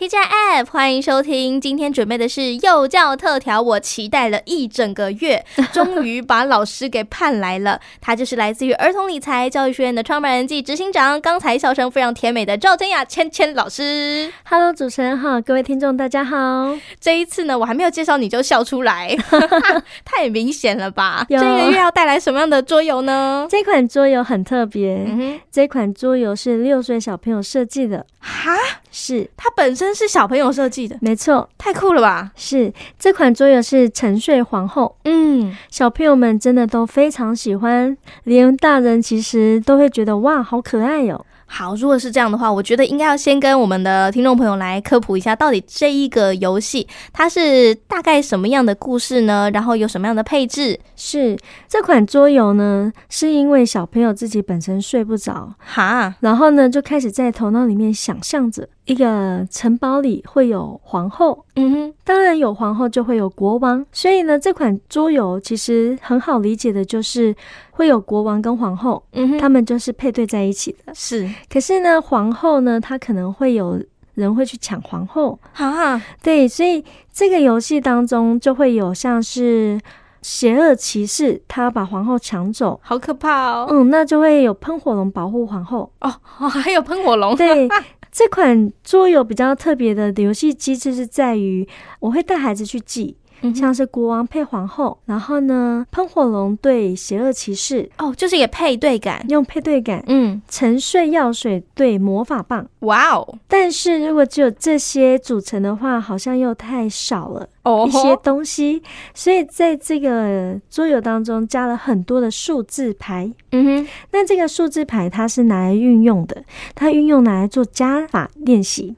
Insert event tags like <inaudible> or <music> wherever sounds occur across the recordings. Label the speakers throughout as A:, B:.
A: T J TGIF，歡迎收聽。今天準備的是幼教特調，我期待了一整個月，終於把老師給盼來了。 <laughs> 他就是來自於兒童理財教育學院的創辦人暨執行長，剛才笑聲非常甜美的趙千雅千千老師。Hello，主持人好，各位聽眾大家好。這一次呢，我還沒有介紹你就笑出來，
B: <laughs> 太明顯了吧？ <laughs> 這個月要帶來什麼樣的桌遊呢？這款桌遊很特別，嗯、這款桌遊是六歲小朋友設計的。哈。是，它本身是小朋友設計的，沒錯，太酷了吧！是這款桌遊是《沉睡皇後》，嗯，小朋友們真的都非常喜歡，連大人其實都會覺得哇，好可愛喲喔。好，如果是這樣的話，我覺得應該要先跟我們的
A: 聽眾朋友來科普一下，到底這一個遊戲它是大概什麼樣的故
B: 事呢？然後有什麼樣的配置？是這款桌遊呢，是因為小朋友自己本身睡不着，哈，然後呢就開始在頭腦裡面想象着。一個城堡裡會有皇後，嗯哼，當然有皇後就會有國王，所以呢，這款桌遊其實很好理解的就是會有國王跟皇後，嗯哼，他們就是配對在一起的，是。可是呢，皇後呢，她可能會有人會去搶皇後，哈，對，所以這個遊戲當中就會有像是邪惡騎士，他把皇后搶走，好可怕哦。嗯，那就會有噴火龍保護皇後，哦，還有噴火龍，對。 <laughs> 這款桌遊比較特別的遊戲機制是在於，我會帶孩子去記。像是國王配皇後，然後呢，噴火龍對邪惡騎士，哦，就是一個配對感，用配對感，嗯，沉睡藥水對魔法棒，哇、wow、哦！但是如果只有這些組成的話，好像又太少了，哦，一些東西，oh，所以在這個桌遊當中加了很多的數字牌，嗯哼，那這個數字牌，它是拿來運用的，它運用拿來做加法練習。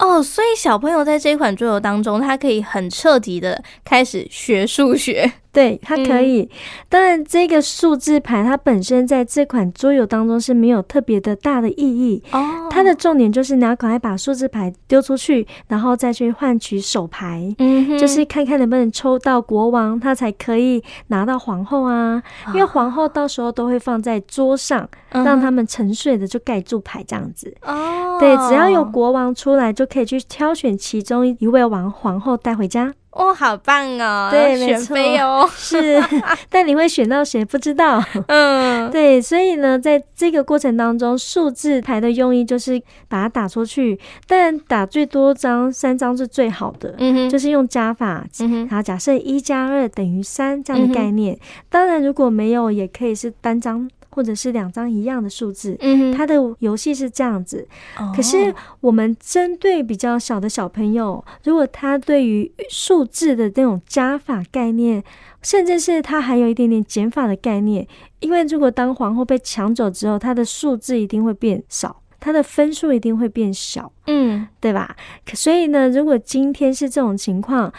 A: 哦，所以小朋友在這一款桌遊當中，他可以很徹底的開始學數學。
B: 對，它可以，當、嗯、然這個數字牌它本身在這款桌遊當中是沒有特別的大的意義哦。它的重點就是你要趕快把數字牌丟出去，然後再去換取手牌，嗯，就是看看能不能抽到國王，他才可以拿到皇後啊。哦、因為皇后到時候都會放在桌上，嗯、讓他們沉睡的就蓋住牌這樣子、哦。對，只要有國王出來就可以去挑選其中一位王皇后帶回家。
A: 哦，好棒哦！對，選、哦、沒有
B: 是， <laughs> 但你會選到誰不知道。嗯，對，所以呢，在這個過程當中，數字牌的用意就是把它打出去，但打最多張三張是最好的、嗯。就是用加法，嗯、然後假設一加二等於三這樣的概念。嗯、當然，如果沒有，也可以是單張。或者是兩張一樣的數字，嗯，他的遊戲是這樣子。哦、可是我們針對比較小的小朋友，如果他對於數字的這種加法概念，甚至是他還有一點點減法的概念，因為如果當皇后被搶走之後，他的數字一定會變少，他的分數一定會變小，嗯，對吧？可所以呢，如果今天是這種情況，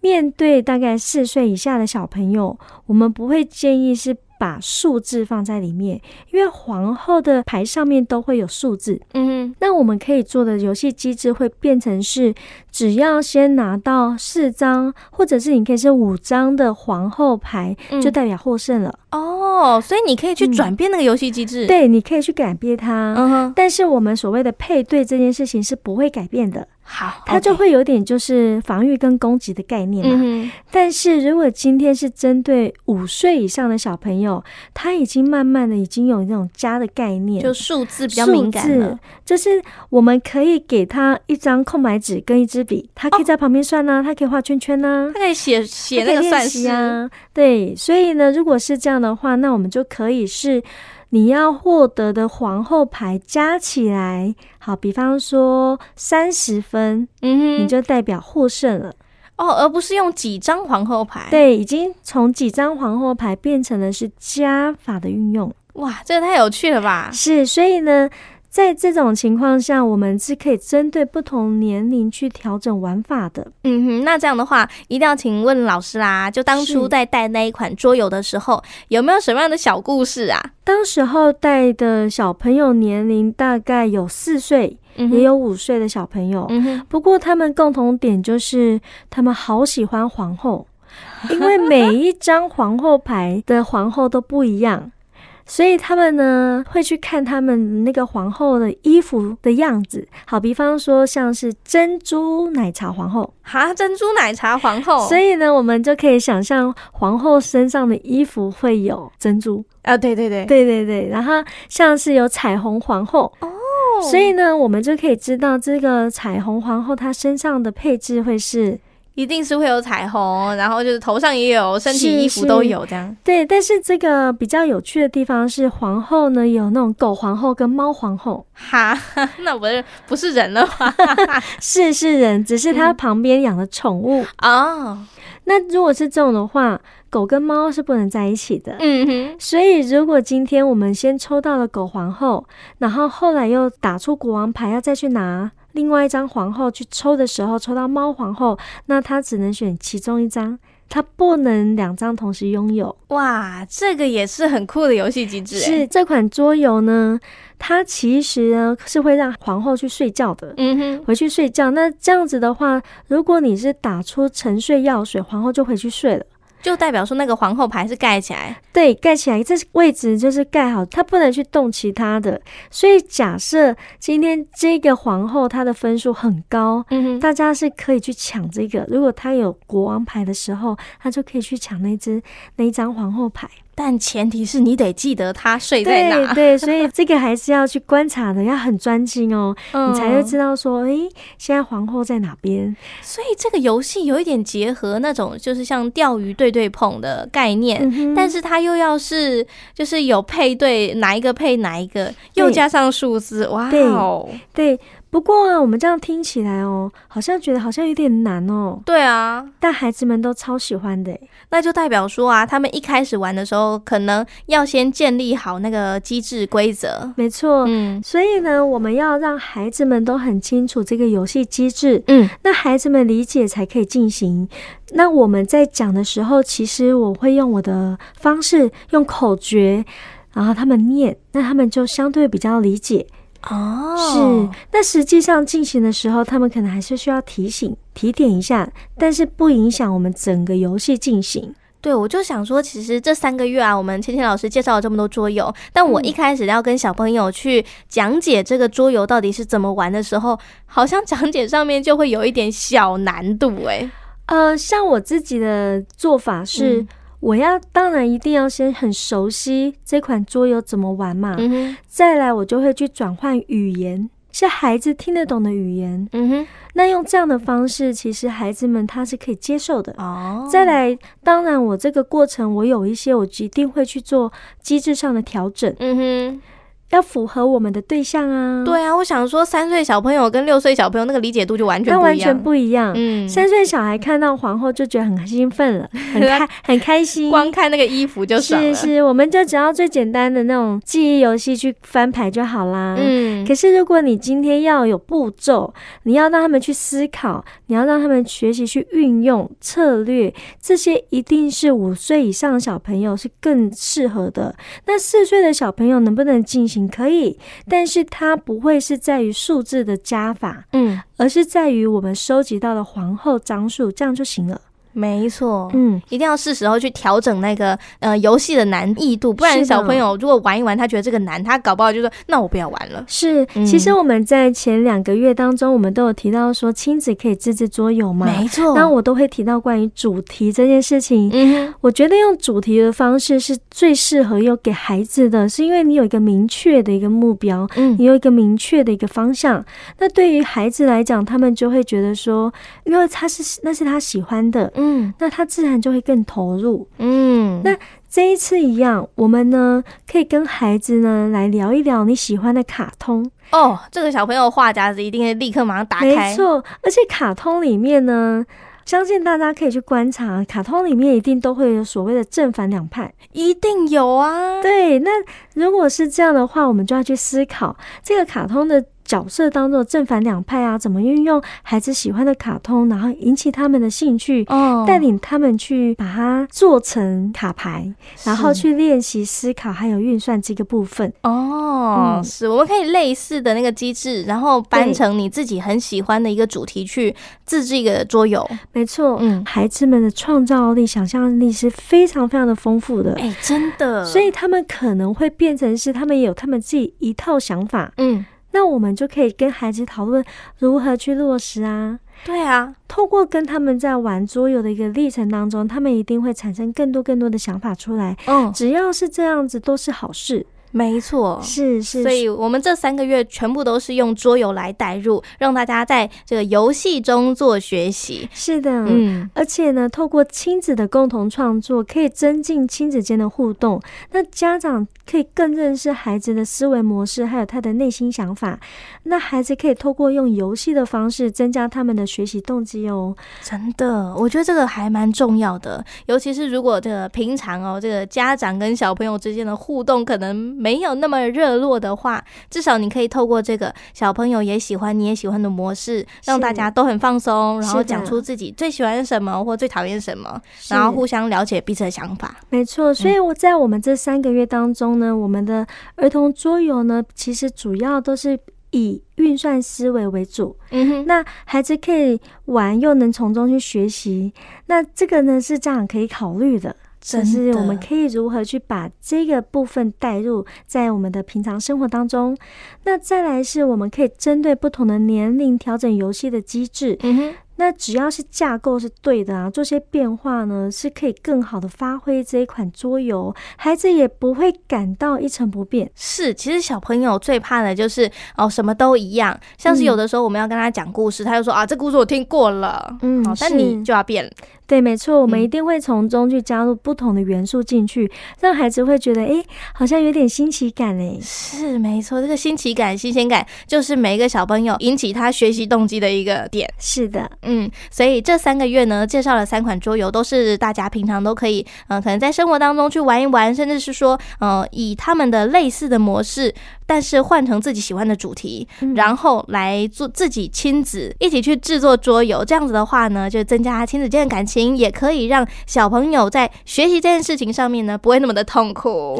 B: 面對大概四歲以下的小朋友，我們不會建議是。把數字放在裡面，因為皇後的牌上面都會有數字。嗯哼，那我們可以做的遊戲機制會變成是，只要先拿到四張，或者是你可以是五張的皇後牌，就代表獲勝
A: 了。嗯。哦，所以你可以去轉變那個遊戲機制。嗯。對，你
B: 可以去改變它。嗯哼，但是我們所謂的配對這件事情是不會改變的。好，他就會有點就是防禦跟攻擊的概念啊。嗯、mm -hmm. 但是如果今天是針對五歲以上的小朋友，他已經慢慢的已經有那種加的概念，就數字比較敏感了。數字。就是我們可以給他一張空白紙跟一支筆，他可以在旁邊算啊，他，oh, 可以畫圈圈啊，他可以寫寫那個算式啊，啊，嗯。對，所以呢，如果是這樣的話，那我們就可以是。你要獲得的皇後牌加起來，好，比方說三十分，嗯哼，你就代表獲勝
A: 了哦，而不是用幾張皇後牌。對，
B: 已經從幾張皇後牌變成了是加法的運用。哇，這個太有趣了吧？是，所以呢。在這種情況下，我們是可以針對不同年齡去調整玩法的。嗯哼，那這樣的話，一定要請問老師啦。
A: 就當初在帶那一款桌遊的時候，有沒有什麼樣的小故事啊？
B: 當時候帶的小朋友年齡大概有四歲、嗯，也有五歲的小朋友、嗯。不過他們共同點就是他們好喜歡皇後， <laughs> 因為每一張皇後牌的皇後都不一樣。所以他們呢會去看他們那個皇後的衣服的樣子，好，比方說像是珍珠奶茶皇後，
A: 哈，珍珠奶茶皇後。所
B: 以呢，我們就可以想象皇后身上的衣服會有珍珠啊，對對對，對對對。然後像是有彩虹皇后哦，所以呢，我們就可以知道這個彩虹皇後她身上的配置會是。一定是會有彩虹，然後就是頭上也有，身體衣服都有這樣。是是對，但是這個比較有趣的地方是，皇後呢有那種狗皇後跟貓皇後。哈，那我不，不是人的話， <laughs> 是是人，只是他旁邊養的寵物哦。嗯。那如果是這種的話，狗跟貓是不能在一起的。嗯哼。所以如果今天我們先抽到了狗皇後，然後後來又打出國王牌，要再去拿。另外一張皇后去抽的時候，抽到貓皇後，那他只能選其中一張，他不能兩張同時擁有。
A: 哇，這個也是很酷的遊戲機制欸。是這
B: 款桌遊呢，它其實呢是會讓皇后去睡覺的。嗯哼，回去睡覺。那這樣子的話，如果你是打出沉睡藥水，皇後就回去睡了。
A: 就代表說，那個皇後牌是蓋起來，
B: 對，蓋起來，這位置就是蓋好，它不能去動其他的。所以，假設今天這個皇後她的分數很高，嗯哼，大家是可以去搶這個。如果她有國王牌的時候，她就可以去搶那隻那一張皇後牌，但前提是你得記得他睡在哪。對，對對，所以這個還是要去觀察的，要很專心哦，你才會知道說，哎、欸，現在皇後在哪邊？所以這個遊戲有一點結合那種就是像釣魚
A: 對對碰的概念。嗯，但是它又要是就是有配對，哪一個配哪一個，又加上數字，哇哦，對。
B: 對不過啊，我們這樣聽起來哦、喔，好像覺得好像有點難哦、喔。對啊，但孩子們都超喜歡的欸，
A: 那就代表說啊，他們一開始玩的時候，可能要先建立好那個機制
B: 規則。沒錯，嗯，所以呢，我們要讓孩子們都很清楚這個遊戲機制，嗯，那孩子們理解才可以進行。那我們在講的時候，其實我會用我的方式，用口訣，然後他們念，那他們就相對比較理解。哦，是。那實際上進行的時候，他們可能還是需要提醒、提點一下，但是不影響我們整個遊戲進行。
A: 對，我就想說，其實這三個月啊，我們千千老師介紹了這麼多桌遊，但我一開始要跟小朋友去講解這個桌遊到底是怎麼玩的時候，嗯、好像講解上面就會有一點小難度、欸。誒，
B: 呃，像我自己的做法是。嗯我要，當然一定要先很熟悉這款桌遊怎麼玩嘛，嗯，再來我就會去轉換語言，是孩子聽得懂的語言。嗯哼，那用這樣的方式，其實孩子們他是可以接受的。哦，再來，當然我這個過程，我有一些我一定會去做機制上的調整。嗯哼。要符合我們的對象啊！對啊，
A: 我想說，三歲小朋
B: 友跟六歲小朋友那個理解度就完全不一樣，那完全不一
A: 樣。嗯，三
B: 歲小孩看到皇後就覺得很興奮了，很開很開心， <laughs> 光看那個衣服就爽了。是是，我們就只要最簡單的那種記憶遊戲去翻牌就好啦。嗯，可是如果你今天要有步驟，你要讓他們去思考，你要讓他們學習去運用策略，這些一定是五歲以上的小朋友是更適合的。那四歲的小朋友能不能進行？你可以，但是它不會是在於數字的加法，嗯，而是在於我們收集到的皇后張數，這樣就行了。沒錯，嗯，一定
A: 要是時候去調整那個呃遊戲的難易度，不然小朋友如果玩一玩，他覺得這個難，他搞不好就說那我不要玩了。
B: 是，嗯，其實我們在前兩個月當中，我們都有提到說親子可以自制桌遊嘛，沒錯。那我都會提到關於主題這件事情，嗯，我覺得用主題的方式是最適合要給孩子的是，因為你有一個明確的一個目標，嗯，你有一個明確的一個方向。那對於孩子來講，他們就會覺得說，因為他是那是他喜歡的，嗯。嗯，那他自然就會更投入。嗯，那這一次一樣，我們呢可以跟孩子呢來聊一聊你喜歡的卡通
A: 哦。這個小朋友話匣子一定會立刻馬上打開，沒錯。
B: 而且卡通裡面呢，相信大家可以去觀察，卡通裡面一定都會有所謂的正反兩派，一定有啊。對，那如果是這樣的話，我們就要去思考這個卡通的。角色當做正反兩派啊，怎麼運用孩子喜歡的卡通，然後引起他們的興趣，帶、哦、領他們去把它做成卡牌，然後去練習思考還有運算這個部分。哦，嗯、
A: 是，我們可以類似的那個機制，然後搬成你自己很喜歡的一個主題去自製一個桌遊。
B: 沒錯，嗯，孩子們的創造力、想象力是非常非常的豐富的。哎、欸，真的，所以他們可能會變成是，他們也有他們自己一套想法。嗯。那我們就可以跟孩子討論如何去落實啊。對啊，透過跟他們在玩桌遊的一個歷程當中，他們一定會產生更多更多的想法出來。嗯，Oh，只要是這樣子都是好事。沒錯，是是，是，所以
A: 我們這三個月全部都是用桌遊來帶入，讓大家在
B: 這個遊戲中做學習。是的，嗯，而且呢，透過親子的共同創作，可以增進親子間的互動。那家長可以更認識孩子的思維模式，還有他的內心想法。那孩子可以透過用遊戲的方式增加他們的學習動機哦。真的，我覺得這個還蠻重要的，尤
A: 其是如果這個平常哦，這個家長跟小朋友之間的互動可能。沒有那麼熱絡的話，至少你可以透過這個小朋友也喜歡、你也喜歡的模式，讓大家都很放鬆，然後講出自己最喜歡什麼或最討厭什麼，然後互相了解彼此的想法。
B: 沒錯，所以我在我們這三個月當中呢，嗯、我們的兒童桌遊呢，其實主要都是以運算思維為主。嗯哼，那孩子可以玩，又能從中去學習。那這個呢，是家長可以考慮的。這是我們可以如何去把這個部分帶入在我們的平常生活當中？那再來是我們可以針對不同的年齡調整遊戲的機制。 <noise> 那只要是架構是對的啊，做些變化呢，是可以更好地發揮這一款桌遊，孩子也不會感到一成不變。是，
A: 其實小朋友最怕的就是哦什麼都一樣，像是有的時候我們要跟他講故事，嗯，他就說啊這故事我聽過了，嗯，但你就要變。
B: 對，沒錯，我們一定會從中去加入不同的元素進去，嗯，讓孩子會覺得誒、欸，好像有點新奇感誒、欸，是，
A: 沒錯，這個新奇感、新鮮感就是每一個小朋友引起他學習動機的一個點。是的。嗯，所以這三個月呢，介紹了三款桌遊，都是大家平常都可以，嗯、呃，可能在生活當中去玩一玩，甚至是說，呃，以他們的類似的模式，但是換成自己喜歡的主題，嗯、然後來做自己親子一起去製作桌遊，這樣子的話呢，就增加親子間的感情，也可以讓小朋友在學習這件事情上面呢，不會那麼的痛苦。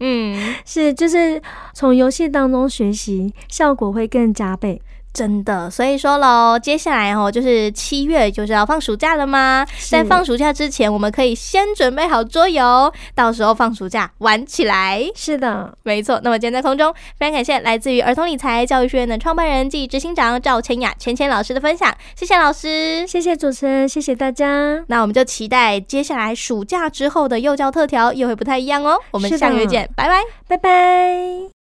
A: 嗯， <laughs> 是，就是從遊戲當中學習，效果會更加倍。真的，所以說嘍，接下來哦，就是七月就是要放暑假了嗎？是。在放暑假之前，我們可以先準備好桌遊，到時候放暑假玩起來。是的，沒錯。那麼今天在空中，非常感謝來自於兒童理財教育學院的創辦人暨執行長趙千雅、千千老師的分享，謝謝老師，謝謝主持人，謝謝大家。那我們就期待接下來暑假之後的幼教特調又會不太一樣哦。我們下個月見，拜拜，拜拜。Bye bye